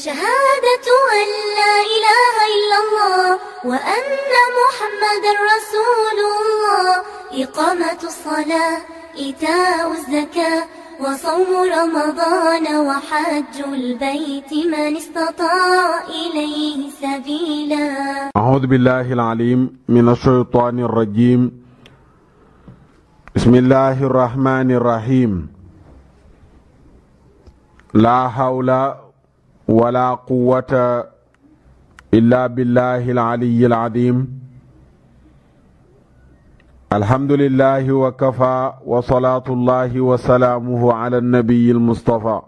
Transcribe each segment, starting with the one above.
شهادة أن لا إله إلا الله وأن محمد رسول الله إقامة الصلاة إيتاء الزكاة وصوم رمضان وحج البيت من استطاع إليه سبيلا أعوذ بالله العليم من الشيطان الرجيم بسم الله الرحمن الرحيم لا حول ولا قوة إلا بالله العلي العظيم الحمد لله وكفى وصلاة الله وسلامه على النبي المصطفى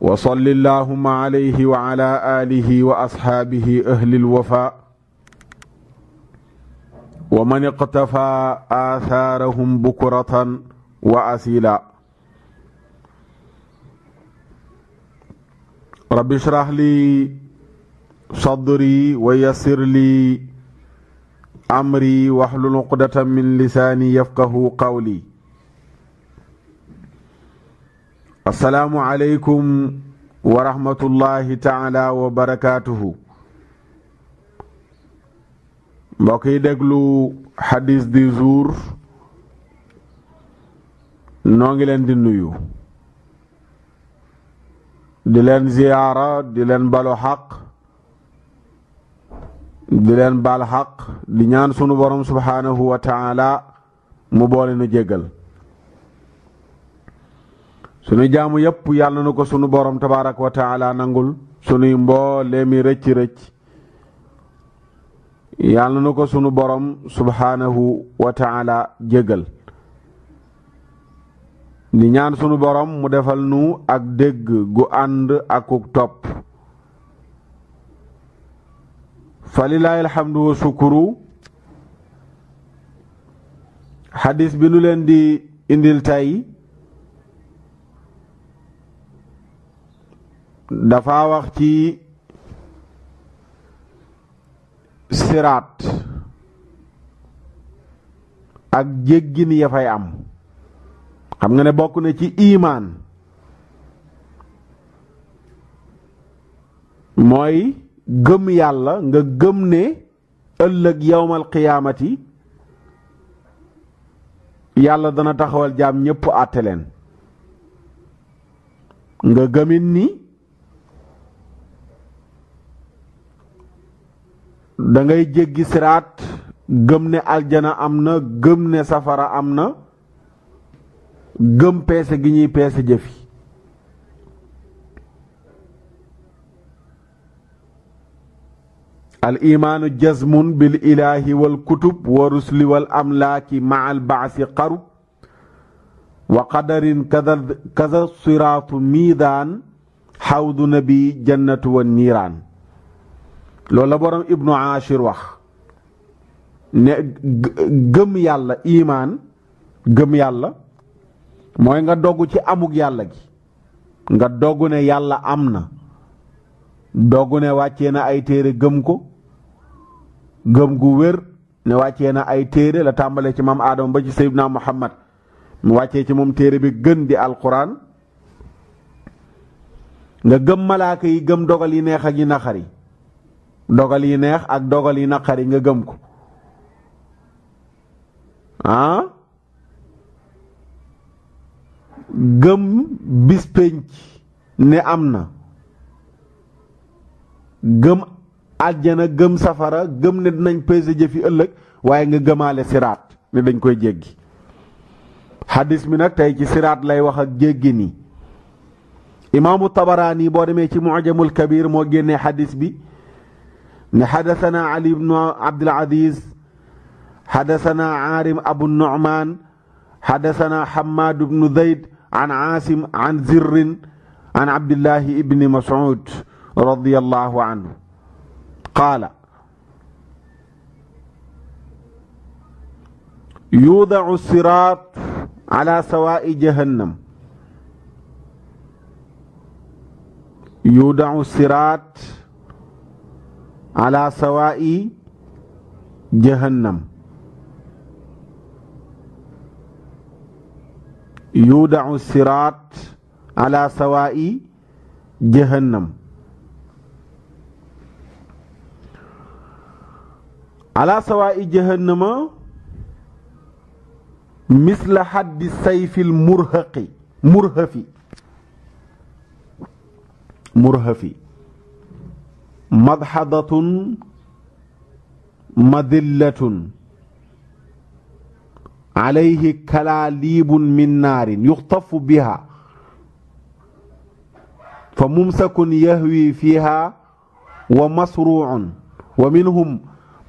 وصل اللهم عليه وعلى آله وأصحابه أهل الوفاء ومن اقتفى آثارهم بكرة وأسيلا رب اشرح لي صدري ويسر لي أمري واحلل عقدة من لساني يفقه قولي السلام عليكم ورحمة الله تعالى وبركاته بقي دقلو حديث دي زور نونجلن دي نيو di leen ziyaara di leen balo xaq di leen baal xaq di ñaan sunu borom subhaanahu wa taala mu boole nu jéggal sunu jaamu yépp yàlla na ko sunu borom tabaaraka wa taala nangul sunuy mi rëcc rëcc yàlla na ko sunu borom subhaanahu wa taala jéggal di ñaan sunu borom mu defal nu ak dégg gu ànd akuk topp falilaahi alhamdu wa sukuru xadis bi nu leen di indil tey dafa wax ci siraat ak jéggin ya fay am xam nga ne bokk na ci iimaan mooy gëm yàlla nga gëm ne ëllëg yawmal qiyaamati yàlla dana taxawal jaam ñépp àtte leen nga gëmit ni dangay ngay siraat gëm ne aljana am na gëm ne safara am na gëm peese gi ñuy peese jëf yi al imaanu jazmun bil ilaahi wal kutub wa rusli wal amlaaki maa baasi qaru wa qadarin kaza siraatu miidaan xawdu nabi jannatu wa niiraan loolu borom ibnu Aashir wax ne gëm yàlla imaan gëm yàlla mooy nga dogg ci amug yàlla gi nga dogg ne yàlla am na dogg ne wàccee na ay téere gëm ko gëm gu wér ne wàcce na ay téere la tàmbalee ci maam Adama ba ci Seydina Muhammad mu wàccee ci moom téere bi gën di alxuraan nga gëm malaaka yi gëm dogal yi neex ak yi naqari dogal yi neex ak dogal yi naqari nga gëm ko ah? gëm bis pénc ne am na gëm àjjana gëm safara gëm ne dinañ peese jëfi ëllëg waaye nga gëmaale siraat ne dañ koy jéggi xaddis bi nag tey ci siraat lay wax ak jéggi nii imaamu tabaraani boo demee ci mujamul kabir moo génnee xadis bi ne xadasana ali ibnu abdul aziz xadasana aarim abu nucmaan xadasana xamaad ibnu zayd عن عاصم عن زر عن عبد الله بن مسعود رضي الله عنه قال يوضع الصراط على سواء جهنم يوضع الصراط على سواء جهنم يودع الصراط على سواء جهنم على سواء جهنم مثل حد السيف المرهق مرهفي مرهفي مضحضة مذلة عليه كلاليب من نار يخطف بها فممسك يهوي فيها ومصروع ومنهم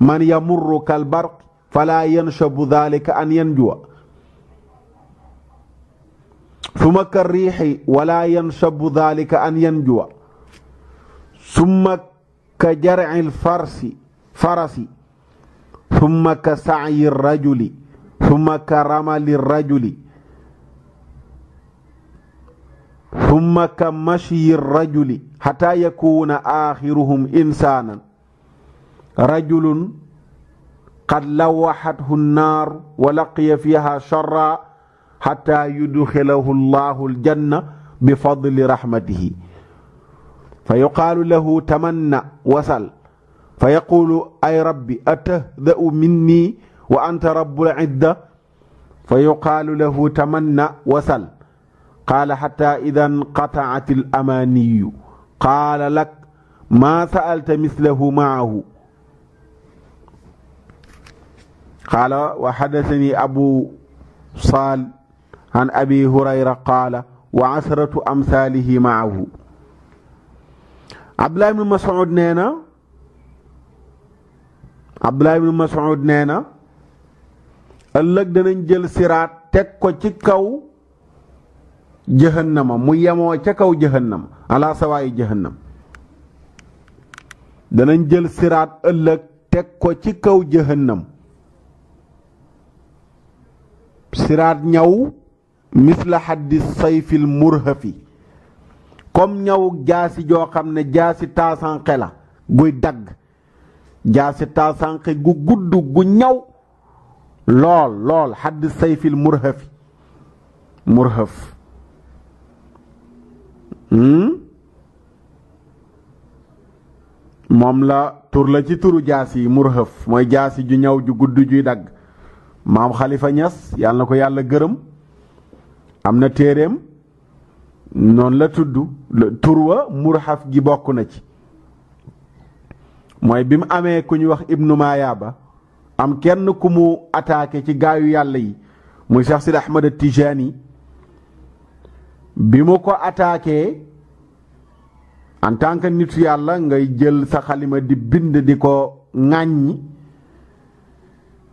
من يمر كالبرق فلا ينشب ذلك أن ينجو ثم كالريح ولا ينشب ذلك أن ينجو ثم كجرع الفرس فرس ثم كسعي الرجل ثم كرم للرجل ثم كمشي الرجل حتى يكون آخرهم إنسانا رجل قد لوحته النار ولقي فيها شرا حتى يدخله الله الجنة بفضل رحمته فيقال له تمنى وصل فيقول أي ربي أتهدأ مني وأنت رب العدة فيقال له تمنى وسل قال حتى إذا انقطعت الأماني قال لك ما سألت مثله معه قال وحدثني أبو صال عن أبي هريرة قال وعشرة أمثاله معه عبد الله بن مسعود نينا عبد الله بن مسعود نينا ëllëg danañ jël siraat teg ko ci kaw jëhannama mu yemoo ca kaw jëhannama ala sawaayi danañ jël siraat ëllëg teg ko ci kaw jëhannam siraat ñaw misla xaddi sayfil murhafi comme ñaw jaasi joo xam ne jaasi taasanqe la guy dagg jaasi taasanqe gu gudd gu ñaw lool lool xadd sayfil murhafi murhaf hmm? moom la tur la mooy jaasi ju ñaw ju gudd juy dagg maam xalifa ñas yàlla na ko yàlla gërëm am na téeréem noonu la tudd tur wa murhaf gi bokk na ci mooy bi mu amee ku ñu wax ibnu maayaaba am kenn ku mu attaqué ci gaayu yàlla yi muy Cheikh Sidi Ahmad Tijani bi mu ko attaqué en tant que nitu yàlla ngay jël sa xalima di bind di ko ŋàññi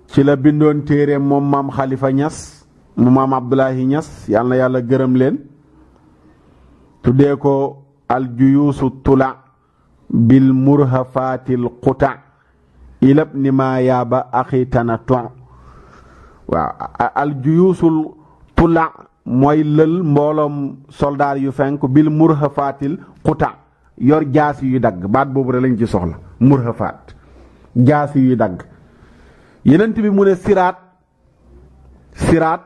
ci la bindoon téere moom maam Khalifa Niass mu maam Abdoulahi Niass yàlla na yàlla gërëm leen tuddee ko aljuyuusu tula bil murhafatil quta ilab ni maa yaaba axi tana ton waaw al juyuusul tula mooy lël mbooloom soldaar yu fenk bil murhafatil xuta yor jaas yuy dagg baat boobu rek lañ ci soxla murhafaat jaas yuy dagg yenent bi mu ne siraat siraat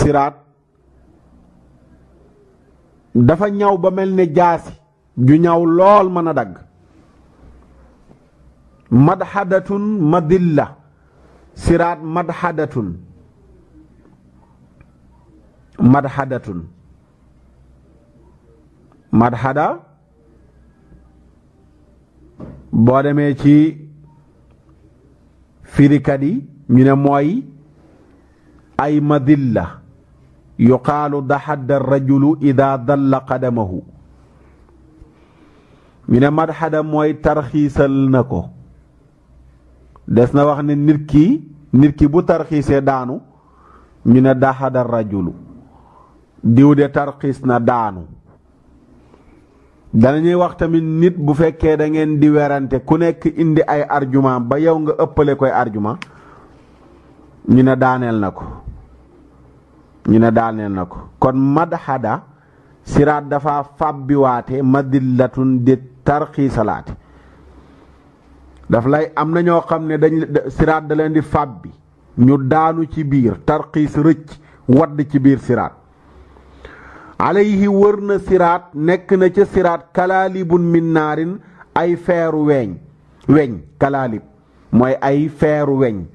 siraat dafa ñaw ba mel ne jaasi ju ñaw lool mën a dagg madhadatun madilla siraat madhadatun madhadatun madhada boo demee ci firikat yi ñu ne mooy ay madilla yuqaalu daxadda rajulu ida dalla qadamahu ñu ne madhada mooy tarxiisal na ko des na wax ne nit ki nit ki bu tarxiisee daanu ñu ne daxada rajulu diw de tarxiis na daanu danañuy wax tamit nit bu fekkee da ngeen di werante ku nekk indi ay argument ba yow nga ëppale koy argument ñu ne daaneel na ko ñu ne daaneel na ko kon madxada siraat dafa fàbbiwaate Latun di tarxiisalaate daf lay am na ñoo xam ne dañ siraat da leen di fab bi ñu daanu ci biir tarxiis rëcc wadd ci biir siraat alayhi wër na siraat nekk na ca siraat kalaalibun min naarin ay feeru weñ weñ kalaalib mooy ay feeru weñ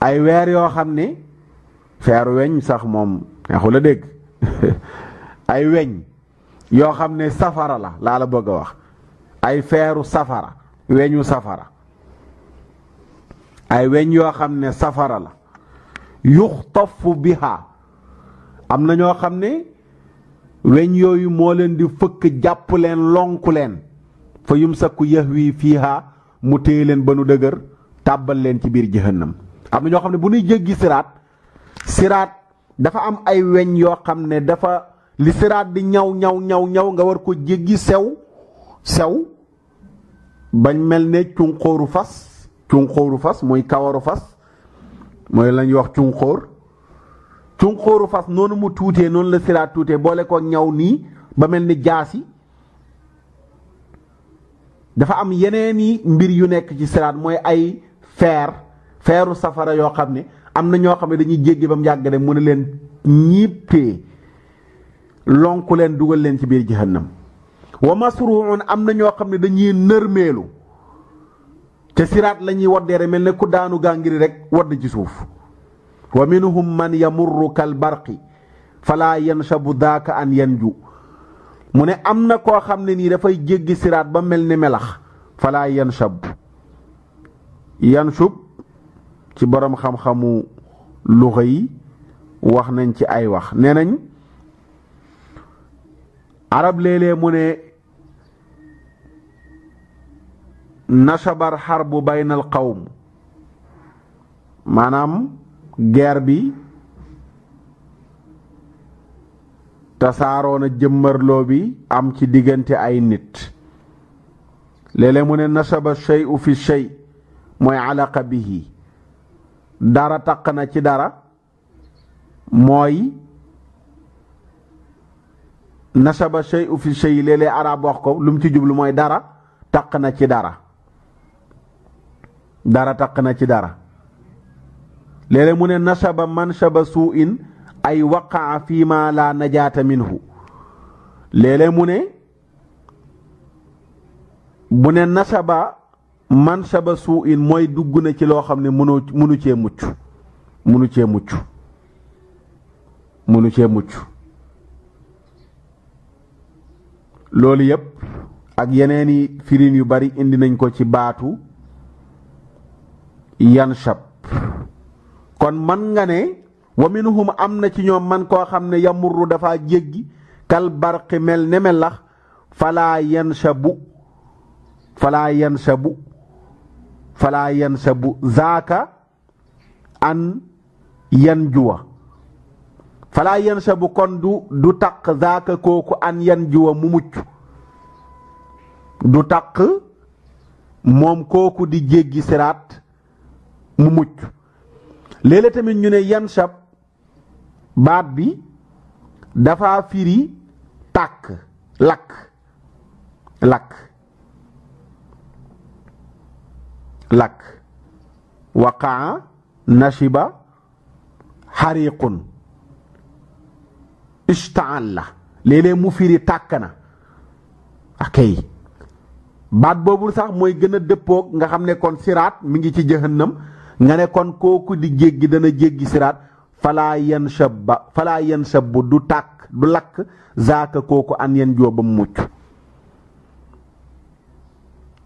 ay weer yoo xam ne feeru weñ sax moom neexul a dégg ay weñ yoo xam ne safara la laa la bëgg a wax ay feeru safara weñu safara ay weñ yoo xam ne safara la yuxtafu biha am na ñoo xam ne weñ yooyu moo leen di fëkk jàpp leen lonku leen fa yum sakku wii fiiha mu téye leen ba nu dëgër tàbbal leen ci biir jëhannam am na ñoo xam ne bu ñuy jéggi siraat siraat dafa am ay weñ yoo xam ne dafa li siraat di ñaw ñaw ñaw ñaw nga war ko jéggi sew sew bañ mel ne cunkóoru fas cunqóoru fas muy kawaru fas mooy lañuy wax cunkóor cunqóoru fas noonu mu tuutee noonu la siraat tuute boole ko ñaw nii ba mel ni jaasi dafa am yeneen yeneeni mbir yu nekk ci siraat mooy ay feer feeru safara yoo xam ne am na ñoo xam ne dañuy jéggi ba mu yàgg de mu ne leen ñiib tee lonku leen dugal leen ci biir jahannam wa masruun am na ñoo xam ne dañuy nërmeelu ca siraat lañuy ñuy waddeere mel ne ku daanu gaa ngiri rek wodd ci suuf wa minhum man yamurru kal barqi falaa yanshabu daaka an ju mu ne am na koo xam ne nii dafay jéggi siraat ba mel ni melax falaa yanshab yanshub ci boroom xam-xamu luxa yi wax nañ ci ay wax nee nañ arab léeg mu ne nasabar xarbu baynal qawm maanaam guerre bi na jëmmarloo bi am ci diggante ay nit léeg mu ne nasaba shay'u fi shay mooy alaqa bihi dara taq na ci dara moy nasaba shay'u fi shay'i léeg-léeg arab wax ko lum ci jublu mooy dara taq na ci dara dara taq na ci dara léeg mu ne nasaba mansaba manshaba su'in ay waqaa fii ma la najaata minhu léeg-léeg mu ne mu ne nasaba suu su'in mooy dugg na ci loo xam ne mënoo mënu cee mucc mënu cee mucc mënu cee mucc loolu yépp ak yeneeni firin yu bari indi nañ ko ci baatu yanshab kon man nga ne wa minhum am na ci ñoom man koo xam ne yamurru dafa jéggi kal barqi mel ne melax falaa yanshabu falaa yanshabu falaa yanshabu zaaka an yanjuwa falaa yan sa bu kon du du taq zaaka kooku an yan jiwa mu mucc du taq moom kooku di jéggi siraat mu mucc léeg tamit ñu ne yan sab baat bi dafa firi tàkk lakk lakk lakk waqaa nashiba xariqun ishtaal la léeg mu firi tàkk na akay baat boobul sax mooy gën a dëppoog nga xam ne kon siraat mi ngi ci jëhannam nga ne kon kooku di jéggi dana jéggi siraat falaa yan shabba falaa yan shabbu du tàkk du lakk zaaka kooku an yan joobam mucc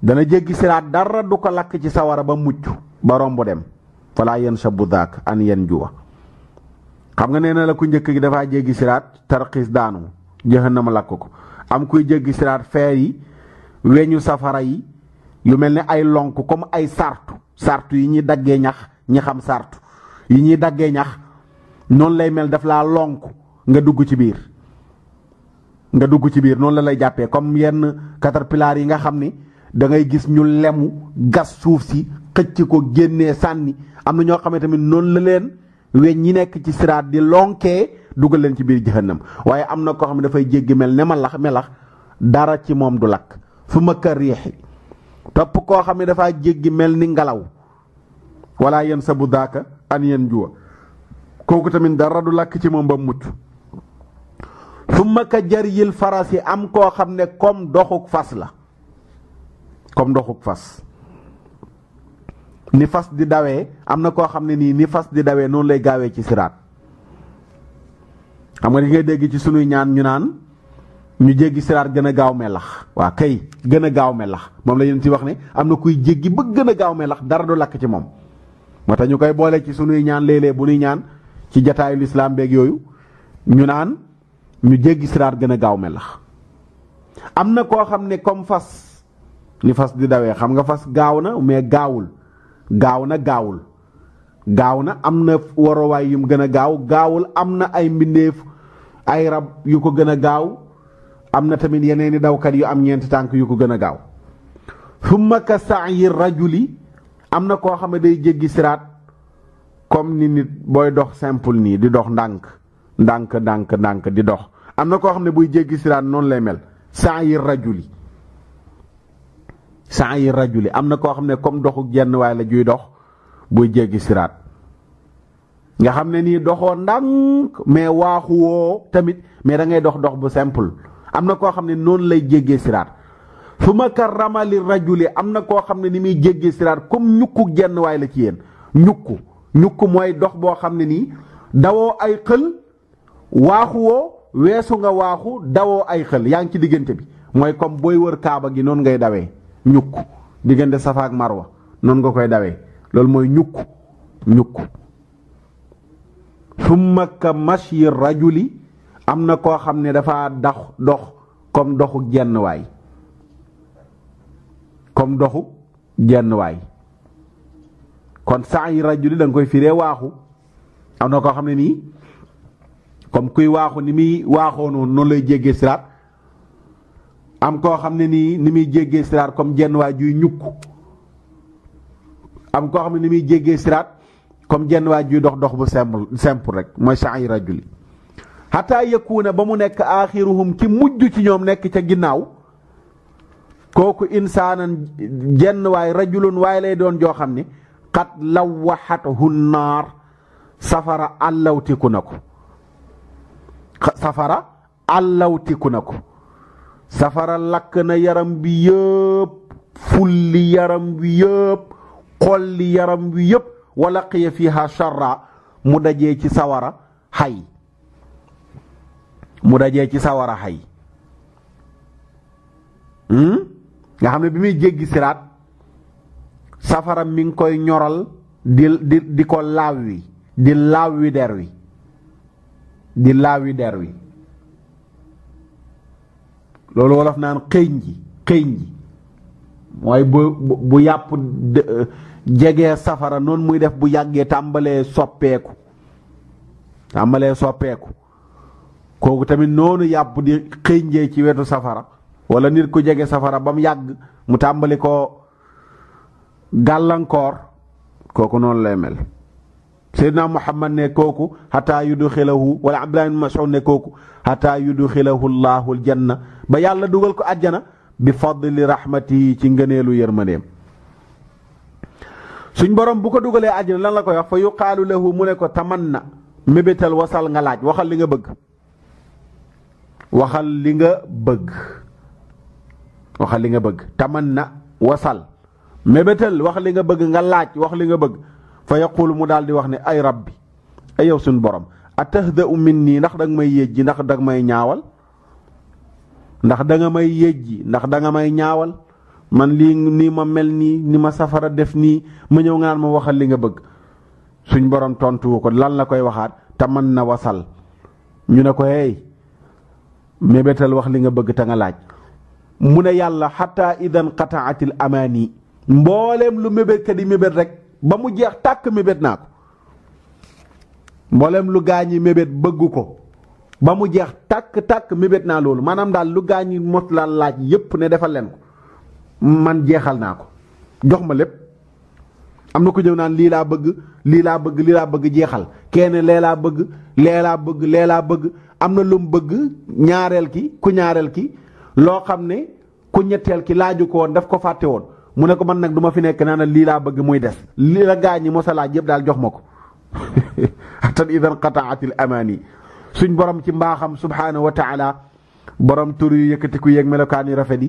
dana jéggi siraat dara du ko lakk ci sawara ba mucc ba romb dem falaa yan shabbu zaaka an yan juwa xam nga nee na la ku njëkk gi dafaa jéggi siraat tarxiis daanu jahannama lakk ko am kuy jéggi siraat feer yi weñu safara yi lu mel ni ay lonk comme ay sartu sartu yi ñuy daggee ñax ñi xam sartu yi ñuy daggee ñax noonu lay mel daf laa lonk nga dugg ci biir nga dugg ci biir noonu la lay jàppee comme yenn caterpillar yi nga xam ni da ngay gis ñu lemu gas suuf si xëcc ko génnee sànni am na ñoo xam ne tamit noonu la leen weñ ñi nekk ci siraat di lonkee dugal leen ci biir jahannam waaye am na koo xam ne dafay jéggi mel ne lax melax dara ci moom du lakk fu ma kër riixi topp koo xam ne dafaa jéggi mel ni ngelaw wala yéen sabu bu daaka an yéen juwa kooku tamit dara du lakk ci moom ba mucc fu ma jar yil faras yi am koo xam ne comme doxuk fas la comme doxuk fas ni fas di dawee am na koo xam ne nii ni fas di dawee noonu lay gaawee ci siraat xam nga di ngay dégg ci sunuy ñaan ñu naan ñu jéggi siraat gën a gaaw melax waa kay gën a gaaw melax moom la ñu ci wax ne am na kuy jéggi ba gën a gaaw lax dara du lakk ci moom moo tax ñu koy boole ci sunuy ñaan léeg bu nuy ñaan ci jataayu lislaam beeg yooyu ñu naan ñu jéggi siraat gën a gaaw melax am na koo xam ne comme fas ni fas di dawee xam nga fas gaaw na mais gaawul gaaw na gaawul gaaw na am na waruwaay gën a gaaw gaawul am na ay mbindeef ay rab yu ko gën a gaaw am na tamit yeneen i dawkat yu am ñeenti tànk yu ko gën a gaaw summa ka sa'yi rajuli am na koo xam ne day jéggi siraat comme ni nit booy dox simple nii di dox ndànk ndànk ndànk ndànk di dox am na koo xam ne buy jéggi siraat noonu lay mel sa'yi rajuli saa yi rajuli am na koo xam ne comme doxu jenn waay la juy dox buy jéggi siraat nga xam ne nii doxoo ndànk mais waaxu woo tamit mais da ngay dox dox bu simple am na koo xam ne noonu lay jéggee siraat fu ma karrama li rajuli am na koo xam ne ni muy jéggee siraat comme ñukku genn waay la ci yéen ñukk ñukk mooy dox boo xam ne nii dawoo ay xël waaxu weesu nga waaxu dawoo ay xël yaa ngi ci diggante bi mooy comme booy wër kaaba gi noonu ngay dawee ñukk diggante safa mar wa noonu nga koy dawee loolu mooy ñukk ñukk summa ka mashi rajuli am na koo xam ne dafa dax dox comme doxu jenn waay comme doxu jenn waay kon saa yi rajuli da nga koy fiire waaxu am na koo xam ne nii comme kuy waaxu ni muy waaxoo noonu noonu lay jéggee silaat am koo xam ne nii ni muy jéggee siraat comme jenn waay juy ñukk am koo xam ne ni muy jéggee siraat comme jenn waay juy dox dox bu simple rek mooy saa yu rajuli xataa yëkkuuna ba mu nekk aaxiruhum ki mujj ci ñoom nekk ca ginnaaw kooku insaanan jenn waay rajulun waaye lay doon joo xam ni xat lawaxathu naar safara àllawtiku na ko safara àllawtiku na ko safara lakk na yaram bi yëpp fulli yaram wi yëpp xolli yaram wi yëpp wala qiya fiha sharra mu dajee ci sawara xay mu dajee ci sawara xay hmm? nga xam ne bi muy jéggi siraat safara mi ngi koy ñoral di di di ko laaw wi di laaw wi der wi di laaw der wi loolu wolof naan xëñ ji xëñ ji mooy bu bu yàpp euh, jegee safara noonu muy def bu yàggee tàmbalee soppeeku tàmbalee soppeeku kooku tamit noonu yàpp di xëñjee ci wetu safara wala nit ku jege safara ba mu yàgg mu tàmbali ko gàllankoor kooku noonu lay mel Seydina Muhammad ne kooku xataa yudxilahu wala Abdullah ibn Mas'ud ne kooku xataa yudxilahu llahu na ba yàlla dugal ko àjjana bi fadli rahmati ci ngëneelu yërmandeem suñ borom bu ko dugalee àjjana lan la koy wax fa yuqaalu lahu mu ne ko tamanna mébétal wasal nga laaj waxal li nga bëgg waxal li nga bëgg waxal li nga bëgg tamanna wasal mébétal wax li nga bëgg nga laaj wax li nga bëgg fa yaquulu mu daal di wax ne ay rabbi ay yow suñu borom atahdau min nii ndax danga may yéej ji ndax danga may ñaawal ndax danga may yéej ji ndax danga may ñaawal man lii nii ma mel nii ni ma safara def nii ma ñëw ngaan ma waxal li nga bëgg suñ borom tontuwu ko lan la koy waxaat te mën na wasal ñu ne ko hey mébétal wax li nga bëgg ta nga laaj mu ne yàlla xataa idan qataatil amaani mbooleem lu mébét ka di mébét rek ba mu jeex tàkk mébét naa ko mboolem lu gaa ñi mébét bëgg ko ba mu jeex tàkk tàkk mébét naa loolu maanaam daal lu gaa ñi mot laa laaj yépp ne defal leen ko man jeexal naa ko jox ma lépp am na ko ñëw naan lii laa bëgg lii laa bëgg lii laa bëgg jeexal kenn lee laa bëgg lee laa bëgg lee laa bëgg am na lu bëgg ñaareel ki ku ñaareel ki loo xam ne ku ñetteel ki laaju ko woon daf ko fàtte woon mu ne ko man nag du ma fi nekk naa ne lii laa bëgg muy des lii la gaañ ñi mos a laaj yëpp daal jox ma ko atan idan qataatil amaani suñ borom ci mbaaxam subhaanahu wa taala borom tur yu yëkkatiku yeeg melokaan yu rafet yi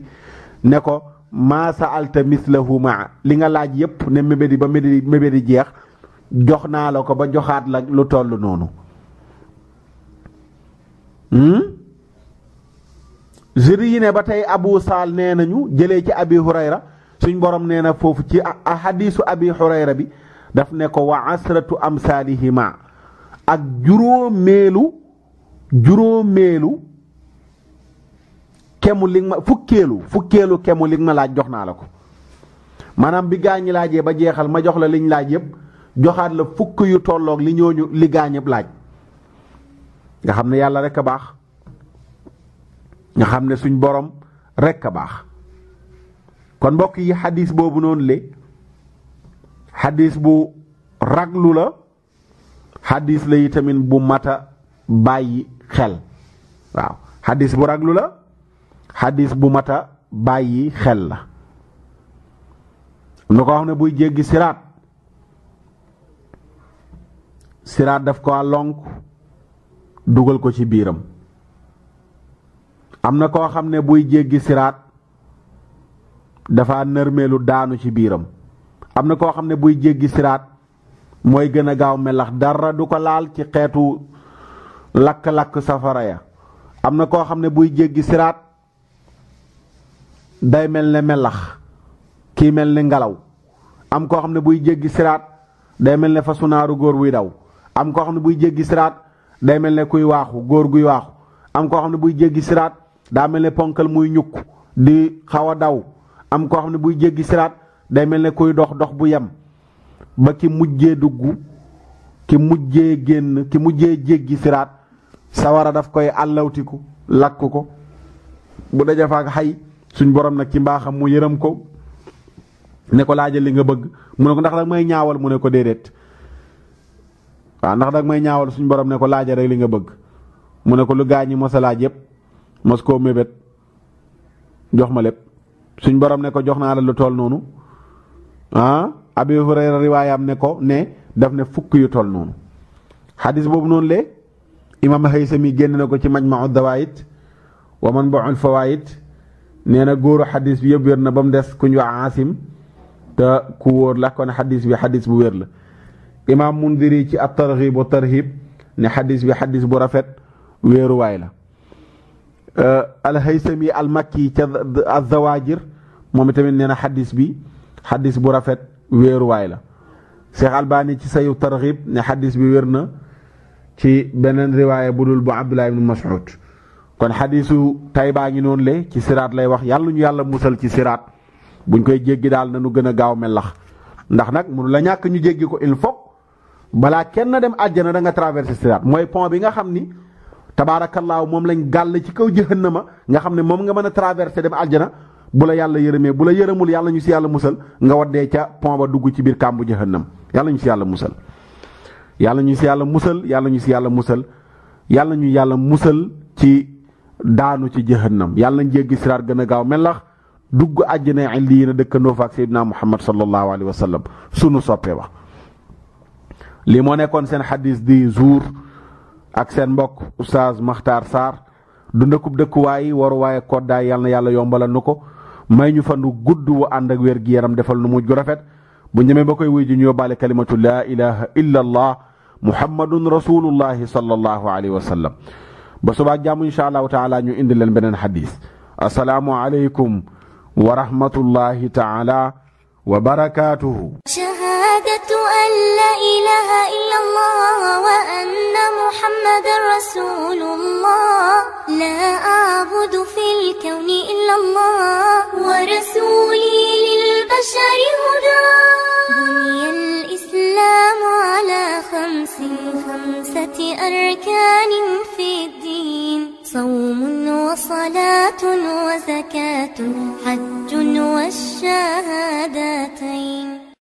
ne ko maa altemis mislahu maa li nga laaj yëpp ne mébédi ba mébédi mébédi jeex jox naa la ko ba joxaat la lu toll noonu hmm? juri yi ne ba tey abu saal nee nañu jële ci abi hurayra suñ boroom nee na foofu ci ahadisu abi xurayra bi daf ne ko wa asratu amsalihima ak juróomeelu juróomeelu kemu lig ma fukkeelu fukkeelu kemu lig ma laaj jox naa la ko maanaam bi gaañi laajee ba jeexal ma jox la liñ laaj yëpp joxaat la fukk yu tolloog li ñooñu li gaañëb laaj nga xam ne yàlla rek a baax nga xam ne suñ boroom rek a baax kon mbokk yi xadis boobu noonu le xadis bu raglu la xadis la yi tamit bu mata bàyyi xel waaw xadis bu raglu la xadis bu mata bàyyi xel la lu ko wax ne buy jéggi siraat siraat daf ko lonk dugal ko ci biiram am na koo xam ne buy jéggi siraat dafa nërmeelu daanu ci biiram am na koo xam ne buy jéggi siraat mooy gën a gaaw melax dara du ko laal ci xeetu lakk-lakk safara ya am na koo xam ne buy jéggi siraat day mel ne melax kii mel ne ngelaw am koo xam ne buy jéggi siraat day mel ne fasu naaru góor buy daw am koo xam ne buy jéggi siraat day mel ne kuy waaxu góor guy waaxu am koo xam ne buy jéggi siraat daa mel ne ponkal muy ñukk di xaw a daw am koo xam ne buy jéggi siraat day mel ne kuy dox dox bu yem ba ki mujjee dugg ki mujjee génn ki mujjee jéggi siraat sawara daf koy àllawtiku lakk ko bu daja faak xay suñ borom nag ci mbaaxam mu yërëm ko ne ko laajal li nga bëgg mu ne ko ndax dag may ñaawal mu ne ko déedéet waaw ndax dag may ñaawal suñ borom ne ko laajal rek nga bëgg mu ne ko lu gaañ ñi mos a laaj yëpp mos koo mébét jox ma lépp suñ borom ne ko jox naa la lu tool noonu ah abi hurayra riwaayam ne ko ne daf ne fukk yu tool noonu xadis boobu noonu le imam haysami génn na ko ci majmau dawaayit wa man boxul fawaayit nee na góoru xadis bi yëpp wér na ba mu des kuñ wax asim te ku wóor la kon xadis bi xadis bu wér la imam mundiri ci at targhib wa tarhib ne xadis bi xadis bu rafet wéeruwaay la Euh, alhaysami almakki ca azawajir moom itamit nee na xaddis bi xaddis bu rafet wéeruwaay la Cheikh Albani ci sayu tarxib ne xaddis bi wér na ci beneen riwaaya bu dul bu Abdullah ibn Mas'ud kon xaddisu tay baa ngi noonu le ci siraat lay wax yàlla ñu yàlla musal ci siraat buñ koy jéggi daal na nu gën a gaaw melax ndax nag mënu la ñàkk ñu jéggi ko il faut balaa kenn dem àjjana da nga traversé siraat mooy pont bi nga xam ni. tabaarakallaahu moom lañ gàll ci kaw jëhannama nga xam ne moom nga mën a traversé dem aljana bu la yàlla yërëmee bu la yërëmul yàlla ñu si yàlla musal nga waddee ca pont ba dugg ci biir kàmbu jëhannam yàlla ñu si yàlla musal yàlla ñu si yàlla musal yàlla ñu si yàlla musal yàlla ñu yàlla musal ci daanu ci jëhannam yàlla ñu jéggi siraat gën a gaaw melax dugg àjjana lii na dëkkandoo fa ak Seydina Muhammad sallallahu alayhi wa sallam sunu soppee wax lii moo nekkoon seen xadis ak seen mbokk oustaz Makhtar Sarr du ndëkkub dëkkuwaay waruwaaye koddaay yal na yàlla yombalal nu ko may ñu fan gudd wu ànd ak wér gi yaram defal nu mujj gu rafet bu ñemee ba koy wuy ji ñu yóbbaale kalimatu laa ilaha illa allah muhammadun rasulullahi sallallahu alayhi wa sallam ba subaa jàmm insha allahu taala ñu indi leen beneen xadis asalaamu aleykum wa rahmatullahi وبركاته شهادة أن لا إله إلا الله وأن محمد رسول الله لا أعبد في الكون إلا الله ورسولي للبشر هدى بني الإسلام على خمس خمسة أركان في الدين صوم وصلاة وزكاة حج والشهادتين